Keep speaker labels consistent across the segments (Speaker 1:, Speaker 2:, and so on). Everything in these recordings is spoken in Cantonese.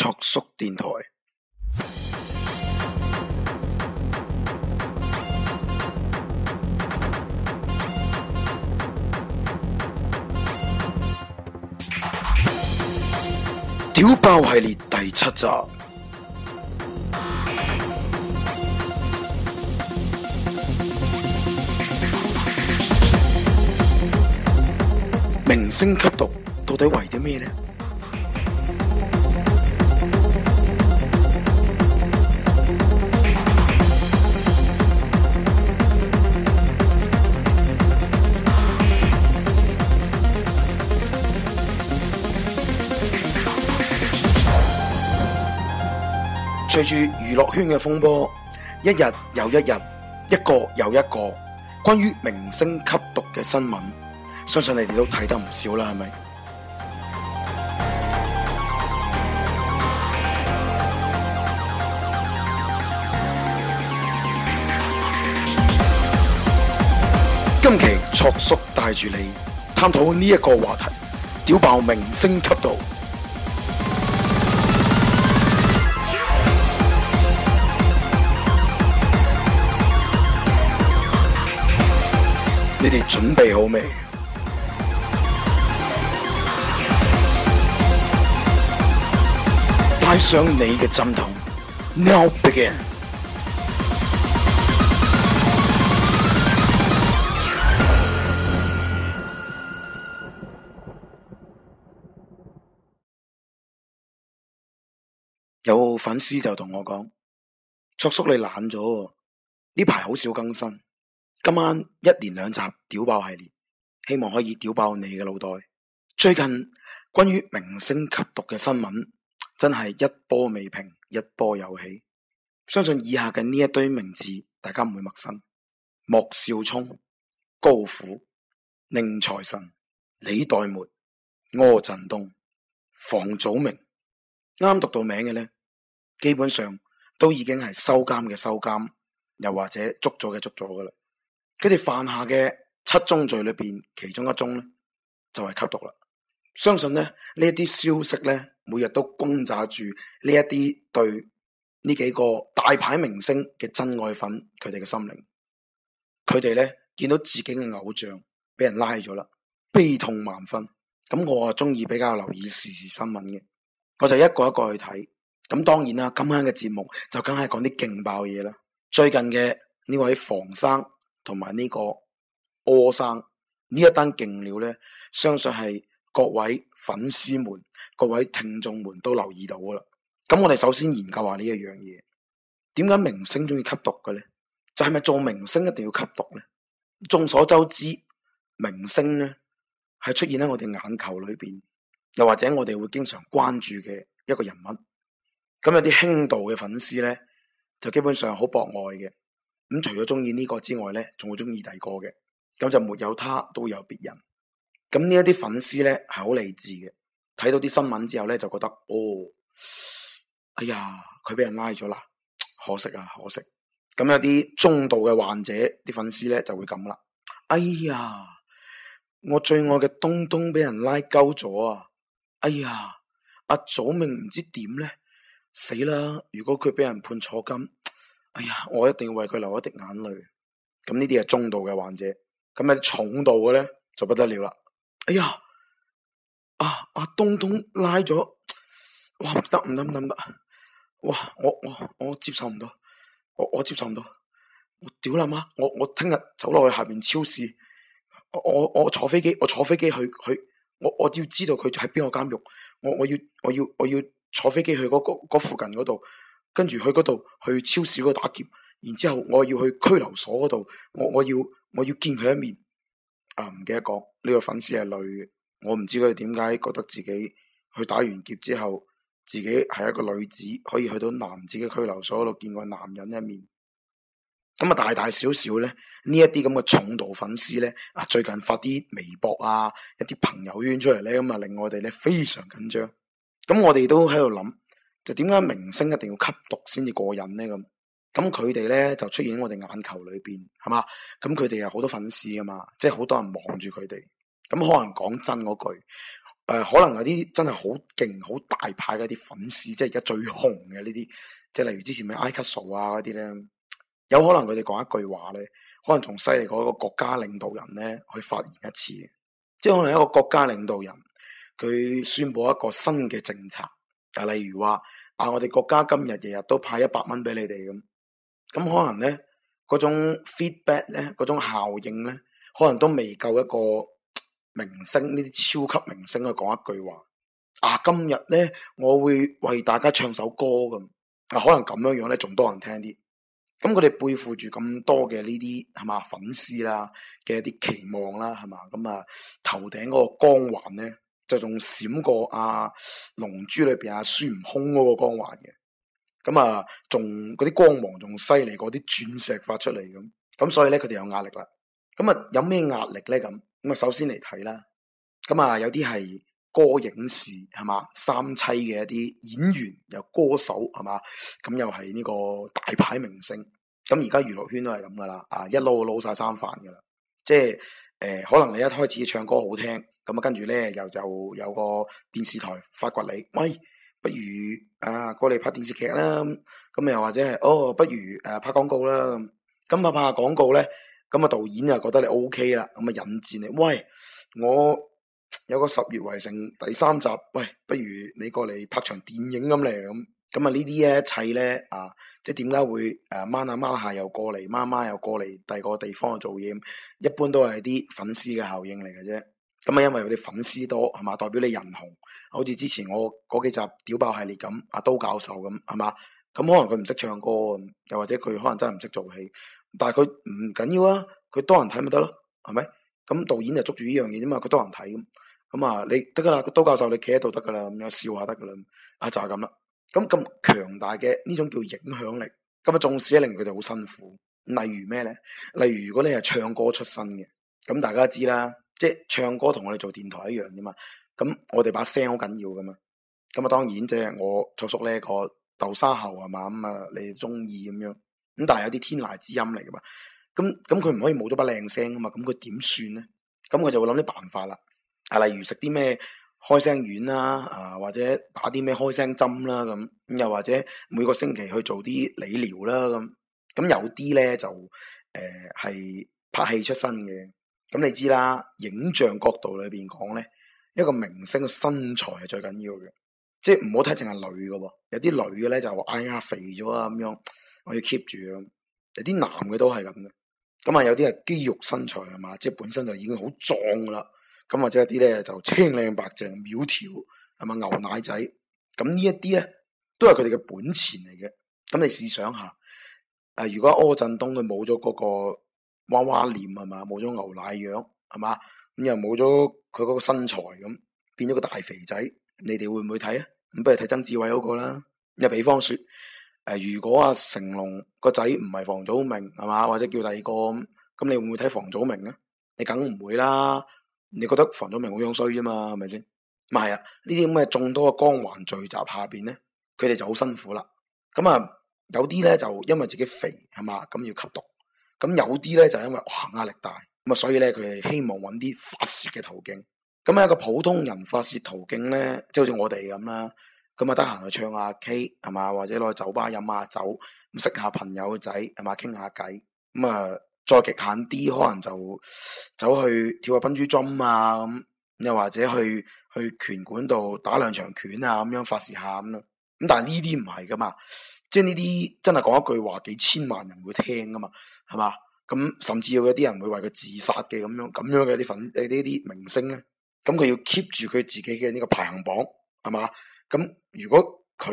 Speaker 1: 速速電台，屌爆系列第七集，明星吸毒到底為咗咩呢？對住娛樂圈嘅風波，一日又一日，一個又一個，關於明星吸毒嘅新聞，相信你哋都睇得唔少啦，係咪？ 今期卓叔帶住你探討呢一個話題，屌爆明星吸毒。你哋準備好未？帶上你嘅針筒，Now begin！有粉絲就同我講：卓叔，你懶咗喎，呢排好少更新。今晚一連兩集屌爆系列，希望可以屌爆你嘅腦袋。最近關於明星吸毒嘅新聞真係一波未平一波又起，相信以下嘅呢一堆名字，大家唔會陌生：莫少聰、高虎、寧財神、李代沫、柯震東、房祖名。啱讀到名嘅咧，基本上都已經係收監嘅收監，又或者捉咗嘅捉咗噶啦。佢哋犯下嘅七宗罪裏邊，其中一宗咧就係吸毒啦。相信咧呢一啲消息咧，每日都轟炸住呢一啲對呢幾個大牌明星嘅真愛粉佢哋嘅心靈。佢哋咧見到自己嘅偶像俾人拉咗啦，悲痛萬分。咁我啊中意比較留意時事新聞嘅，我就一個一個去睇。咁當然啦，今晚嘅節目就梗係講啲勁爆嘢啦。最近嘅呢位房生。同埋呢個柯生一勁呢一單勁料咧，相信係各位粉絲們、各位聽眾們都留意到㗎啦。咁我哋首先研究下呢一樣嘢，點解明星中意吸毒嘅咧？就係、是、咪做明星一定要吸毒咧？眾所周知，明星咧係出現喺我哋眼球裏邊，又或者我哋會經常關注嘅一個人物。咁有啲輕度嘅粉絲咧，就基本上好博愛嘅。咁除咗中意呢個之外咧，仲會中意第二個嘅，咁就沒有他都有別人。咁呢一啲粉絲咧係好理智嘅，睇到啲新聞之後咧就覺得哦，哎呀，佢俾人拉咗啦，可惜啊，可惜。咁有啲中度嘅患者，啲粉絲咧就會咁啦。哎呀，我最愛嘅東東俾人拉鳩咗啊！哎呀，阿、啊、祖明唔知點咧，死啦！如果佢俾人判坐監。哎呀！我一定要為佢流一滴眼淚。咁呢啲係中度嘅患者。咁咩重度嘅咧就不得了啦！哎呀！啊！阿、啊、東東拉咗，哇！唔得唔得唔得！哇！我我我接受唔到，我我接受唔到。我屌啦媽！我我聽日走落去下邊超市。我我坐飛機，我坐飛機去去，去。我我只要知道佢喺邊個監獄。我我要我要我要坐飛機去、嗰個嗰、嗰個嗰個、附近嗰度。跟住去嗰度去超市嗰度打劫，然之後我要去拘留所嗰度，我我要我要見佢一面。啊，唔記得講呢個粉絲係女嘅，我唔知佢哋點解覺得自己去打完劫之後，自己係一個女子可以去到男子嘅拘留所嗰度見個男人一面。咁、嗯、啊，大大小小咧呢一啲咁嘅重度粉絲咧啊，最近發啲微博啊，一啲朋友圈出嚟咧，咁、嗯、啊令我哋咧非常緊張。咁、嗯、我哋都喺度諗。就點解明星一定要吸毒先至過癮呢？咁咁佢哋咧就出現喺我哋眼球裏邊，係嘛？咁佢哋有好多粉絲噶嘛，即係好多人望住佢哋。咁可能講真嗰句，誒、呃，可能有啲真係好勁、好大牌嘅一啲粉絲，即係而家最紅嘅呢啲，即係例如之前咩埃克蘇啊嗰啲咧，有可能佢哋講一句話咧，可能仲犀利過一個國家領導人咧去發言一次。即係可能一個國家領導人佢宣布一個新嘅政策。啊，例如話啊，我哋國家今日日日都派一百蚊俾你哋咁，咁可能咧嗰種 feedback 咧，嗰種效應咧，可能都未夠一個明星呢啲超級明星去講一句話。啊，今日咧我會為大家唱首歌咁，啊，可能咁樣樣咧仲多人聽啲。咁佢哋背負住咁多嘅呢啲係嘛粉絲啦嘅一啲期望啦係嘛，咁啊頭頂嗰個光環咧。就仲閃過啊《龍珠》裡面啊孫悟空嗰個光環嘅，咁啊，仲嗰啲光芒仲犀利過啲鑽石發出嚟咁，咁所以咧佢哋有壓力啦。咁啊，有咩壓力咧？咁咁啊，首先嚟睇啦。咁啊，有啲係歌影視係嘛三棲嘅一啲演員，又歌手係嘛，咁又係呢個大牌明星。咁而家娛樂圈都係咁噶啦，啊一撈就撈曬三飯噶啦，即係誒，可能你一開始唱歌好聽。咁啊、嗯，跟住咧又又有個電視台發掘你，喂，不如啊過嚟拍電視劇啦。咁又或者係哦，不如誒、啊、拍廣告啦。咁拍拍下廣告咧，咁啊導演又覺得你 OK 啦。咁、嗯、啊引薦你，喂，我有個十月圍城第三集，喂，不如你過嚟拍場電影咁嚟。」咁咁啊呢啲一切咧啊，即係點解會誒掹下掹下又過嚟，掹掹又過嚟第二個地方去做嘢？一般都係啲粉絲嘅效應嚟嘅啫。咁啊，因為佢哋粉絲多係嘛，代表你人紅。好似之前我嗰幾集屌爆系列咁，阿刀教授咁係嘛。咁可能佢唔識唱歌，又或者佢可能真係唔識做戲，但係佢唔緊要啊，佢多人睇咪得咯，係咪？咁導演就捉住呢樣嘢啫嘛，佢多人睇咁。咁啊，你得噶啦，阿刀教授你企喺度得噶啦，咁樣笑下得噶啦。啊，就係咁啦。咁咁強大嘅呢種叫影響力，咁啊重使咧，令佢哋好辛苦。例如咩咧？例如如果你係唱歌出身嘅，咁大家知啦。即係唱歌同我哋做電台一樣啫嘛，咁我哋把聲好緊要噶嘛，咁啊當然即係我湊叔咧個豆沙喉啊嘛，咁啊你中意咁樣，咁但係有啲天籟之音嚟噶嘛，咁咁佢唔可以冇咗把靚聲噶嘛，咁佢點算咧？咁佢就會諗啲辦法啦、啊，啊，例如食啲咩開聲丸啦，啊或者打啲咩開聲針啦、啊，咁咁又或者每個星期去做啲理療啦，咁咁有啲咧就誒係、呃、拍戲出身嘅。咁你知啦，影像角度裏邊講咧，一個明星嘅身材係最緊要嘅，即係唔好睇淨係女嘅，哦，有啲女嘅咧就哎呀肥咗啊咁樣，我要 keep 住，有啲男嘅都係咁嘅。咁啊，有啲係肌肉身材係嘛，即係本身就已經好壯啦。咁或者一啲咧就清靚白淨苗條，係咪牛奶仔？咁呢一啲咧都係佢哋嘅本錢嚟嘅。咁你試想下，啊、呃，如果柯震東佢冇咗嗰個。娃娃臉係嘛，冇咗牛奶樣係嘛，咁又冇咗佢嗰個身材咁，變咗個大肥仔。你哋會唔會睇啊？咁不如睇曾志偉嗰個啦。又比方說，誒、呃，如果阿、啊、成龍個仔唔係房祖名，係嘛，或者叫第二個咁，你會唔會睇房祖名啊？你梗唔會啦。你覺得房祖名好樣衰啫嘛？係咪先？嘛係啊。呢啲咁嘅眾多嘅光環聚集下邊咧，佢哋就好辛苦啦。咁啊，有啲咧就因為自己肥係嘛，咁要吸毒。咁有啲咧就因為哇壓力大，咁啊所以咧佢哋希望揾啲發泄嘅途徑。咁喺一個普通人發泄途徑咧，即係好似我哋咁啦，咁啊得閒去唱下 K 係嘛，或者落去酒吧飲下酒，咁識下朋友仔係嘛，傾下偈。咁、嗯、啊再極限啲，可能就走去跳下笨豬跳啊，咁、嗯、又或者去去拳館度打兩場拳啊，咁樣發泄下咁咯。咁、嗯、但係呢啲唔係噶嘛。即係呢啲真係講一句話，幾千萬人會聽噶嘛，係嘛？咁甚至有啲人會為佢自殺嘅咁樣咁樣嘅啲粉誒呢啲明星咧，咁佢要 keep 住佢自己嘅呢個排行榜，係嘛？咁如果佢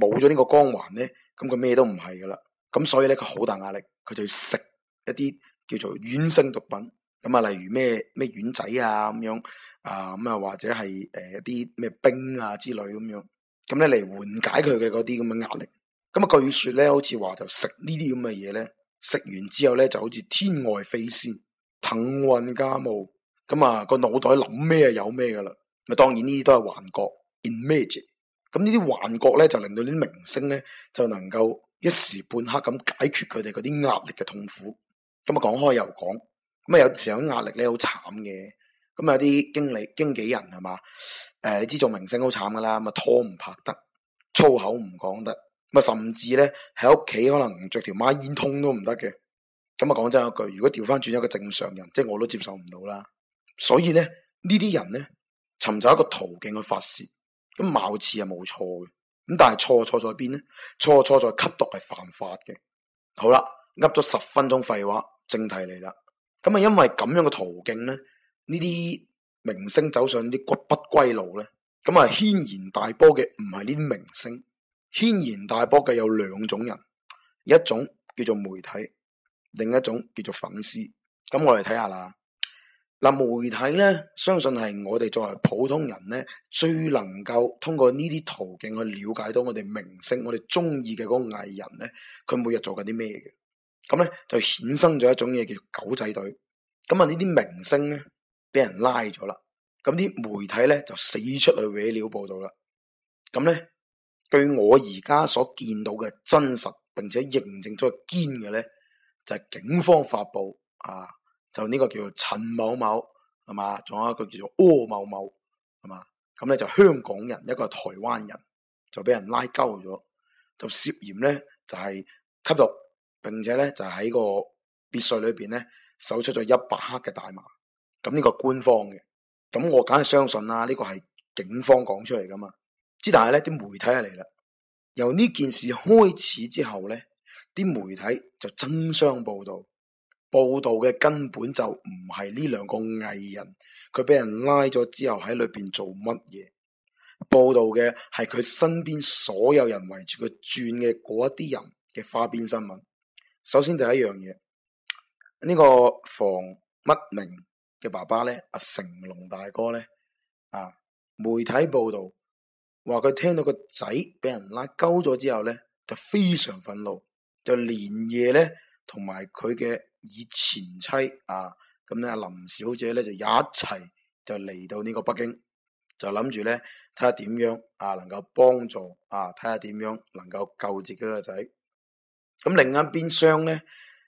Speaker 1: 冇咗呢個光環咧，咁佢咩都唔係噶啦。咁所以咧，佢好大壓力，佢就要食一啲叫做軟性毒品，咁啊，例如咩咩丸仔啊咁樣啊咁啊，或者係誒一啲咩冰啊之類咁樣，咁咧嚟緩解佢嘅嗰啲咁嘅壓力。咁啊，據說咧，好似話就食呢啲咁嘅嘢咧，食完之後咧，就好似天外飛仙，騰雲駕霧。咁、嗯、啊，個腦袋諗咩有咩噶啦。咪當然呢啲都係幻覺。image 咁、嗯、呢啲幻覺咧，就令到啲明星咧，就能夠一時半刻咁解決佢哋嗰啲壓力嘅痛苦。咁、嗯、啊，講開又講，咁、嗯、啊，有時候啲壓力咧，好慘嘅。咁、嗯、啊，啲經理經紀人係嘛？誒、呃，你知做明星好慘噶啦，咁、嗯、啊，拖唔拍得，粗口唔講得。甚至咧，喺屋企可能着條孖煙通都唔得嘅。咁啊，講真一句，如果調翻轉一個正常人，即係我都接受唔到啦。所以咧，呢啲人咧，尋找一個途徑去發洩，咁貌似係冇錯嘅，咁但係錯錯在邊咧？錯錯在吸毒係犯法嘅。好啦，噏咗十分鐘廢話，正題嚟啦。咁啊，因為咁樣嘅途徑咧，呢啲明星走上啲骨不歸路咧，咁啊，軒然大波嘅唔係呢啲明星。軒然大波嘅有兩種人，一種叫做媒體，另一種叫做粉絲。咁我哋睇下啦。嗱，媒體咧，相信係我哋作為普通人咧，最能夠通過呢啲途徑去了解到我哋明星、我哋中意嘅嗰個藝人咧，佢每日做緊啲咩嘅。咁咧就衍生咗一種嘢，叫做狗仔隊。咁啊，呢啲明星咧，俾人拉咗啦。咁啲媒體咧就死出去搲料報道啦。咁咧。據我而家所見到嘅真實並且認證咗堅嘅咧，就係、是、警方發布啊，就呢個叫做陳某某係嘛，仲有一個叫做柯、哦、某某係嘛，咁咧就是、香港人一個台灣人就俾人拉鳩咗，就涉嫌咧就係、是、吸毒，並且咧就喺個別墅裏邊咧搜出咗一百克嘅大麻，咁呢個官方嘅，咁我梗係相信啦，呢、這個係警方講出嚟噶嘛。之，但係咧，啲媒體係嚟啦。由呢件事開始之後咧，啲媒體就爭相報道，報道嘅根本就唔係呢兩個藝人，佢俾人拉咗之後喺裏邊做乜嘢？報道嘅係佢身邊所有人圍住佢轉嘅嗰一啲人嘅花邊新聞。首先第一樣嘢，呢個房乜明嘅爸爸咧，阿成龍大哥咧，啊，媒體報道。話佢聽到個仔俾人拉鳩咗之後咧，就非常憤怒，就連夜咧同埋佢嘅以前妻啊，咁咧林小姐咧就一齊就嚟到呢個北京，就諗住咧睇下點樣啊能夠幫助啊睇下點樣能夠救自己個仔。咁另一邊廂咧，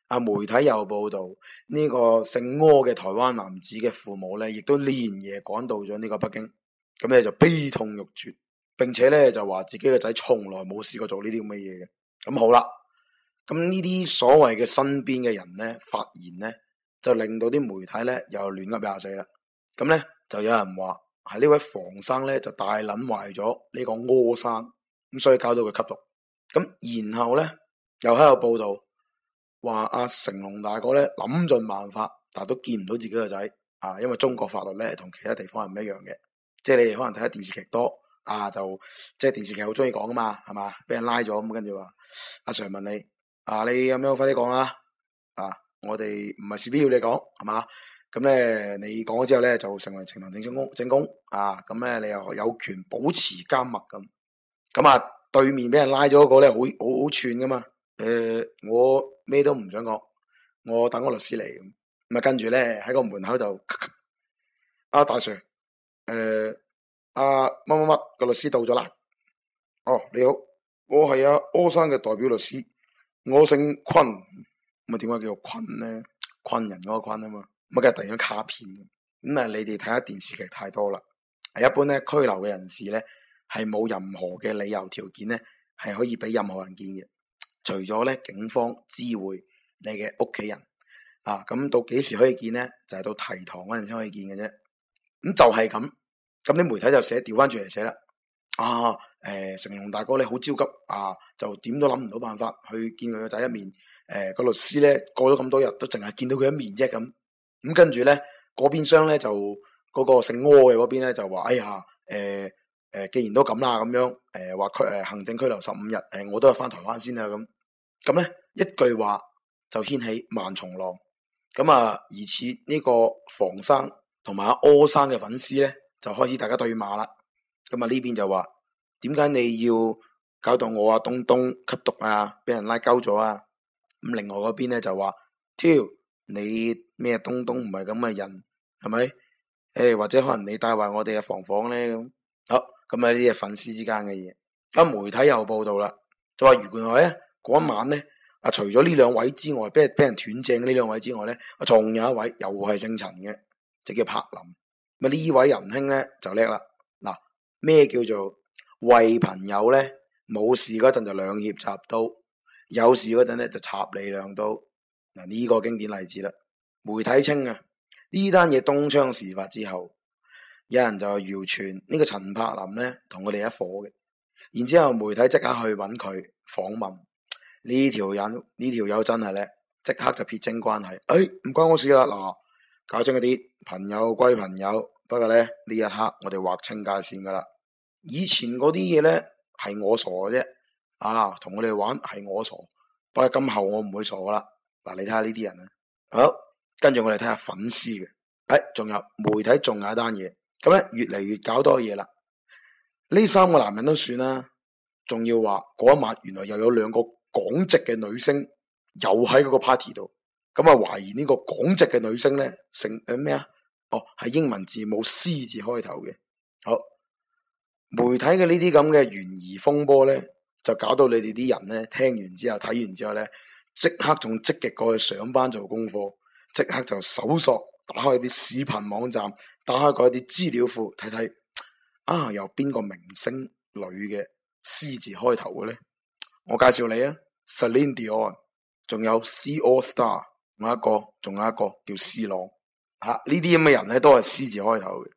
Speaker 1: 啊媒體又報道呢個姓柯嘅台灣男子嘅父母咧，亦都連夜趕到咗呢個北京，咁咧就悲痛欲絕。並且咧就話自己個仔從來冇試過做呢啲咁嘅嘢嘅，咁好啦，咁呢啲所謂嘅身邊嘅人咧發言咧，就令到啲媒體咧又亂噏廿四啦，咁咧就有人話係呢位房生咧就大撚壞咗呢個柯生，咁所以搞到佢吸毒，咁然後咧又喺度報道話阿、啊、成龍大哥咧諗盡辦法，但係都見唔到自己個仔，啊，因為中國法律咧同其他地方係唔一樣嘅，即係你哋可能睇下電視劇多。啊，就即係電視劇好中意講噶嘛，係嘛，俾人拉咗咁，跟住話阿 Sir，問你，啊你有咩可快啲講啦，啊我哋唔係事必要你講，係嘛，咁、啊、咧你講咗之後咧就成為呈堂證供證供，啊咁咧、啊、你又有權保持緘默咁，咁啊，啊對面俾人拉咗嗰個咧好好好串噶嘛，誒、呃、我咩都唔想講，我等我律師嚟，咁，係跟住咧喺個門口就，啊，大 Sir，誒、啊。啊乜乜乜個律師到咗啦！哦，你好，我係阿、啊、柯生嘅代表律師，我姓坤，咪點解叫坤咧？坤人嗰個坤啊嘛，咪、嗯、梗係突然間卡片咁啊、嗯！你哋睇下電視劇太多啦，一般咧拘留嘅人士咧係冇任何嘅理由條件咧係可以俾任何人見嘅，除咗咧警方知會你嘅屋企人啊，咁、嗯、到幾時可以見咧？就係、是、到提堂嗰陣先可以見嘅啫，咁、嗯、就係、是、咁。咁啲媒體就寫調翻轉嚟寫啦，啊，誒，成龍大哥咧好焦急啊，就點都諗唔到辦法去見佢個仔一面，誒，個律師咧過咗咁多日都淨係見到佢一面啫咁，咁跟住咧嗰邊商咧就嗰個姓柯嘅嗰邊咧就話，哎呀，誒誒，既然都咁啦，咁樣誒話拘誒行政拘留十五日，誒我都係翻台灣先啦，咁咁咧一句話就掀起萬重浪，咁啊，疑似呢個房生同埋阿柯生嘅粉絲咧。就開始大家對罵啦，咁啊呢邊就話點解你要搞到我啊東東吸毒啊，俾人拉鳩咗啊？咁另外嗰邊咧就話，挑 你咩東東唔係咁嘅人係咪？誒、欸、或者可能你帶壞我哋嘅房房咧咁，好。咁啊呢啲係粉絲之間嘅嘢，咁媒體又報道啦，就話原來啊嗰晚咧啊除咗呢兩位之外，俾俾人斷正呢兩位之外咧，啊仲有一位又係姓陳嘅，就叫柏林。咪呢位仁兄咧就叻啦！嗱，咩叫做為朋友咧？冇事嗰陣就兩肋插刀，有事嗰陣咧就插你兩刀。嗱，呢個經典例子啦。媒體稱啊，呢單嘢東窗事發之後，有人就謠傳呢個陳柏霖咧同佢哋一伙嘅，然之後媒體即刻去揾佢訪問。呢條人呢條友真係叻，即刻就撇清關係。誒，唔關我事啦，嗱。搞清嗰啲朋友歸朋友，不過咧呢一刻我哋劃清界線噶啦。以前嗰啲嘢咧係我傻嘅啫，啊同我哋玩係我傻，不過今後我唔會傻噶啦。嗱、啊，你睇下呢啲人啊，好跟住我哋睇下粉絲嘅，誒、哎、仲有媒體，仲有一單嘢，咁咧越嚟越搞多嘢啦。呢三個男人都算啦，仲要話嗰一晚原來又有兩個港籍嘅女星又喺嗰個 party 度。咁啊！懷疑呢個港籍嘅女星咧，成誒咩啊？哦，係英文字母 C 字開頭嘅。好，媒體嘅呢啲咁嘅懸疑風波咧，就搞到你哋啲人咧，聽完之後，睇完之後咧，即刻仲積極過去上班做功課，即刻就搜索打開啲視頻網站，打開嗰啲資料庫睇睇，啊，有邊個明星女嘅 C 字開頭嘅咧？我介紹你啊，Celine Dion，仲有 C All Star。仲有一個，仲有一個叫 C 朗，吓、啊、呢啲咁嘅人咧，都係 C 字開頭嘅。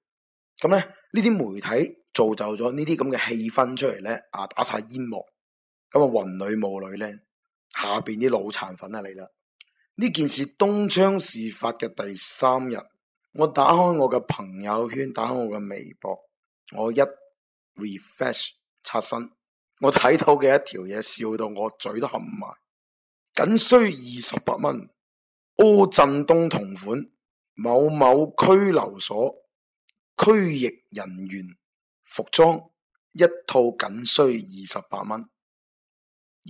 Speaker 1: 咁咧，呢啲媒體造就咗呢啲咁嘅氣氛出嚟咧，啊，打晒煙幕，咁、嗯、啊，雲裏霧裏咧，下邊啲腦殘粉啊嚟啦！呢件事東窗事發嘅第三日，我打開我嘅朋友圈，打開我嘅微博，我一 refresh 刷新，我睇到嘅一條嘢，笑到我嘴都合唔埋，僅需二十八蚊。柯振東同款，某某拘留所拘役人員服裝一套，僅需二十八蚊。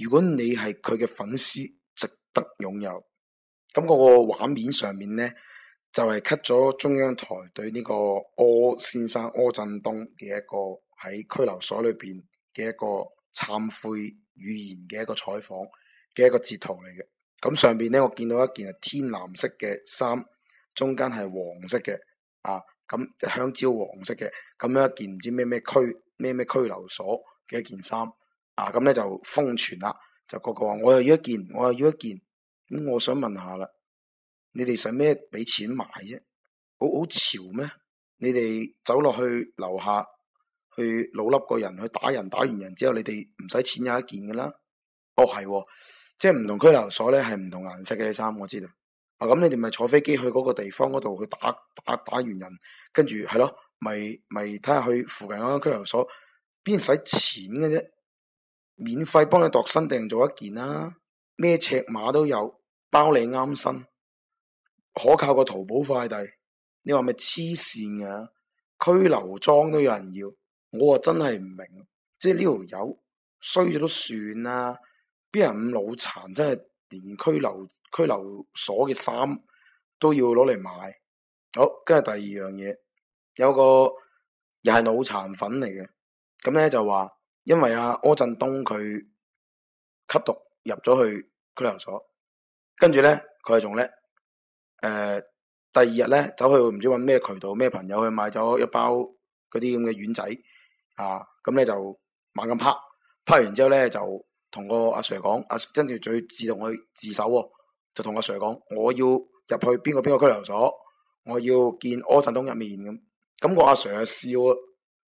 Speaker 1: 如果你係佢嘅粉絲，值得擁有。咁嗰個畫面上面呢，就係、是、cut 咗中央台對呢個柯先生柯振東嘅一個喺拘留所裏邊嘅一個懺悔語言嘅一個採訪嘅一個截圖嚟嘅。咁上邊咧，我見到一件係天藍色嘅衫，中間係黃色嘅，啊，咁、嗯、香蕉黃色嘅，咁、嗯、樣一件唔知咩咩區咩咩拘留所嘅一件衫，啊，咁咧就瘋傳啦，就，就個個話我又要一件，我又要一件，咁、嗯、我想問下啦，你哋使咩俾錢買啫？好好潮咩？你哋走落去樓下，去老笠個人去打人，打完人之後，你哋唔使錢有一件噶啦。哦係、哦，即係唔同拘留所咧係唔同顏色嘅你衫，我知道。啊，咁、啊、你哋咪坐飛機去嗰個地方嗰度去打打打完人，跟住係咯，咪咪睇下去附近嗰間拘留所，邊使錢嘅啫？免費幫你度身訂做一件啦、啊，咩尺碼都有，包你啱身，可靠過淘寶快遞。你話咪黐線噶？拘留裝都有人要，我啊真係唔明，即係呢條友衰咗都算啦。邊人咁腦殘，真係連拘留拘留所嘅衫都要攞嚟買。好，跟住第二樣嘢，有個又係腦殘粉嚟嘅。咁咧就話，因為阿、啊、柯振東佢吸毒入咗去拘留所，跟住咧佢係仲叻。誒、呃，第二日咧走去唔知揾咩渠道咩朋友去買咗一包嗰啲咁嘅丸仔啊，咁咧就猛咁啪，啪完之後咧就。同個阿 sir 講，阿跟住就要自動去自首，就同阿 sir 講，我要入去邊個邊個拘留所，我要見柯震東入面咁。咁個阿 sir 就笑，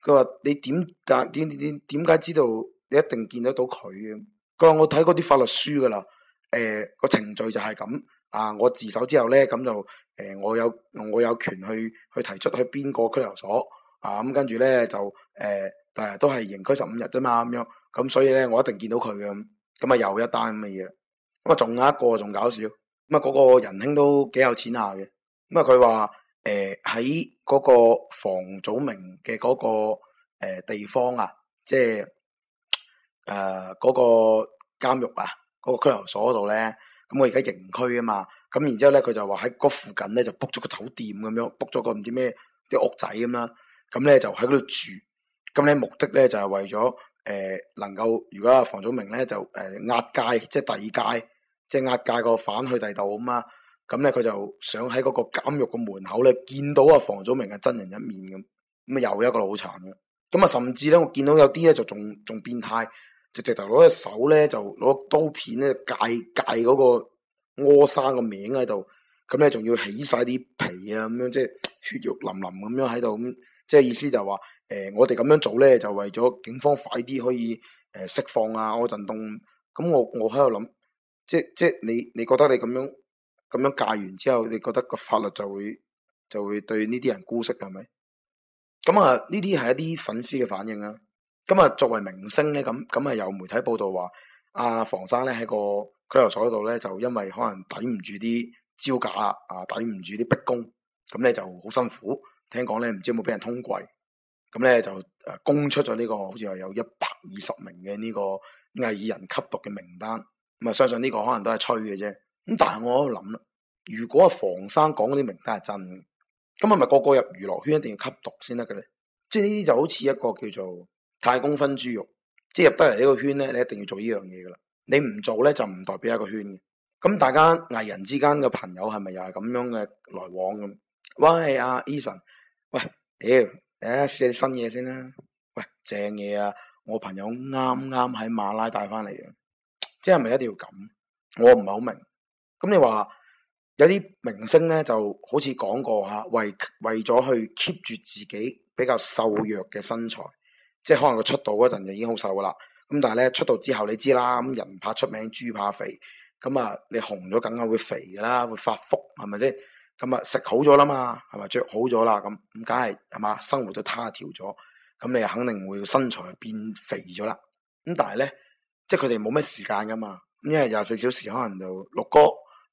Speaker 1: 佢話你點解點點點解知道你一定見得到佢嘅？佢話我睇過啲法律書噶啦，誒、呃、個程序就係咁。啊、呃，我自首之後咧，咁就誒、呃、我有我有權去去提出去邊個拘留所，啊咁跟住咧就誒誒、呃、都係刑拘十五日啫嘛咁樣。咁所以咧，我一定見到佢嘅，咁啊又一單咁嘅嘢啦。咁啊，仲有一個仲搞笑，咁啊嗰個仁兄都幾有錢下嘅。咁啊，佢話誒喺嗰個房祖名嘅嗰個誒地方啊，即係誒嗰個監獄啊，嗰個拘留所嗰度咧。咁我而家刑區啊嘛，咁然之後咧，佢就話喺嗰附近咧就 book 咗個酒店咁樣，book 咗個唔知咩啲屋仔咁啦。咁咧就喺嗰度住，咁咧目的咧就係為咗。誒、呃，能夠如果阿房祖名咧就誒、呃、押界，即係第二界，即係押界個反去第度咁嘛。咁咧佢就想喺嗰個監獄個門口咧見到阿房祖名嘅真人一面咁，咁啊又一個腦殘啦，咁啊甚至咧我見到有啲咧就仲仲變態，直直頭攞隻手咧就攞刀片咧界界嗰個柯生個名喺度，咁咧仲要起晒啲皮啊咁樣，即係血肉淋淋咁樣喺度咁。即係意思就話，誒、呃，我哋咁樣做咧，就為咗警方快啲可以誒、呃、釋放啊柯震東。咁我我喺度諗，即即係你你覺得你咁樣咁樣價完之後，你覺得個法律就會就會對呢啲人姑息係咪？咁啊呢啲係一啲粉絲嘅反應啊。咁啊作為明星咧，咁咁啊有媒體報道話，阿、啊、房生咧喺個拘留所度咧，就因為可能抵唔住啲招架啊，抵唔住啲逼供，咁咧就好辛苦。聽講咧，唔知有冇俾人通櫃，咁咧就誒供出咗呢個，好似話有一百二十名嘅呢個藝人吸毒嘅名單，咁啊相信呢個可能都係吹嘅啫。咁但係我喺度諗啦，如果阿房生講嗰啲名單係真嘅，咁係咪個個入娛樂圈一定要吸毒先得嘅咧？即係呢啲就好似一個叫做太公分豬肉，即係入得嚟呢個圈咧，你一定要做呢樣嘢㗎喇。你唔做咧，就唔代表一個圈嘅。咁大家藝人之間嘅朋友係咪又係咁樣嘅來往咁？喂，阿、啊、Eason，喂，屌，誒，試下啲新嘢先啦。喂，正嘢啊！我朋友啱啱喺馬拉帶翻嚟嘅，即係咪一定要咁？我唔係好明。咁、嗯、你話有啲明星咧，就好似講過吓、啊，為為咗去 keep 住自己比較瘦弱嘅身材，即係可能佢出道嗰陣就已經好瘦噶啦。咁、嗯、但係咧出道之後，你知啦，咁人怕出名，豬怕肥。咁、嗯、啊，你紅咗梗係會肥噶啦，會發福，係咪先？咁啊食好咗啦嘛，係咪着好咗啦？咁咁梗係係嘛，生活都他調咗，咁、嗯、你肯定會身材變肥咗啦。咁、嗯、但係咧，即係佢哋冇咩時間噶嘛。咁因為廿四小時可能就錄歌，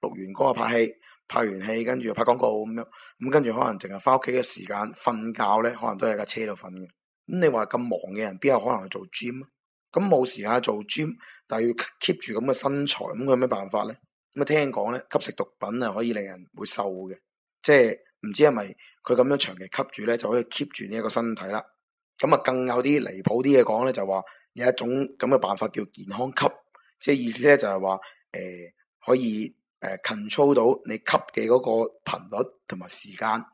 Speaker 1: 錄完歌啊拍戲，拍完戲跟住又拍廣告咁樣。咁跟住可能淨係翻屋企嘅時間瞓覺咧，可能都喺架車度瞓嘅。咁、嗯、你話咁忙嘅人，邊有可能去做 gym？咁冇時間做 gym，但係要 keep 住咁嘅身材，咁、嗯、佢有咩辦法咧？咁啊，聽講咧，吸食毒品係，可以令人會瘦嘅，即係唔知係咪佢咁樣長期吸住咧，就可以 keep 住呢一個身體啦。咁啊，更有啲離譜啲嘅講咧，就話有一種咁嘅辦法叫健康吸，即係意思咧就係話誒可以誒 control 到你吸嘅嗰個頻率同埋時間，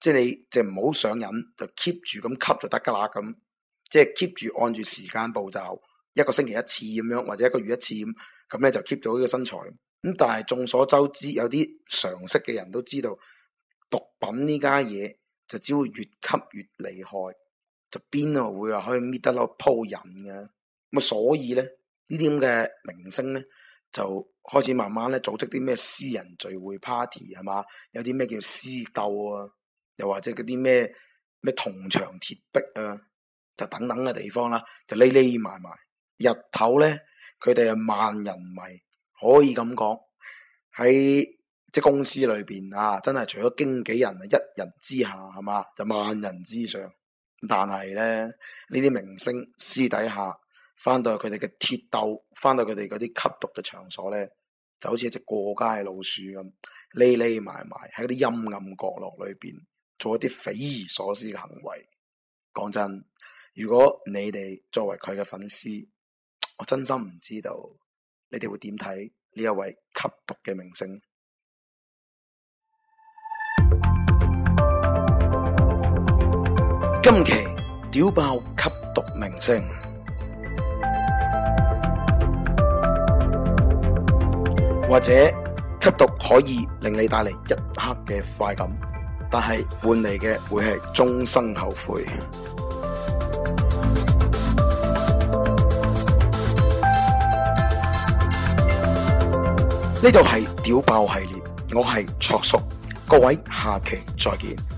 Speaker 1: 即係你即唔好上癮，就 keep 住咁吸就得噶啦。咁即係 keep 住按住時間步驟，一個星期一次咁樣，或者一個月一次咁，咁咧就 keep 咗呢個身材。咁但係，眾所周知，有啲常識嘅人都知道，毒品呢家嘢，就只會越吸越厲害，就邊度會話可以搣得落鋪人嘅。咁啊，所以咧呢啲咁嘅明星咧，就開始慢慢咧組織啲咩私人聚會 party 係嘛，有啲咩叫私斗啊，又或者嗰啲咩咩銅牆鐵壁啊，就等等嘅地方啦，就匿匿埋埋。日頭咧，佢哋係萬人迷。可以咁講，喺即係公司裏邊啊，真係除咗經紀人一人之下，係咪就萬人之上？但係咧，呢啲明星私底下返到佢哋嘅鐵斗，返到佢哋嗰啲吸毒嘅場所咧，就好似一隻過街老鼠咁，匿匿埋埋喺啲陰暗角落裏邊，做一啲匪夷所思嘅行為。講真，如果你哋作為佢嘅粉絲，我真心唔知道。你哋會點睇呢一位吸毒嘅明星？今期屌爆吸毒明星，或者吸毒可以令你帶嚟一刻嘅快感，但係換嚟嘅會係終生後悔。呢度係屌爆系列，我係卓叔，各位下期再見。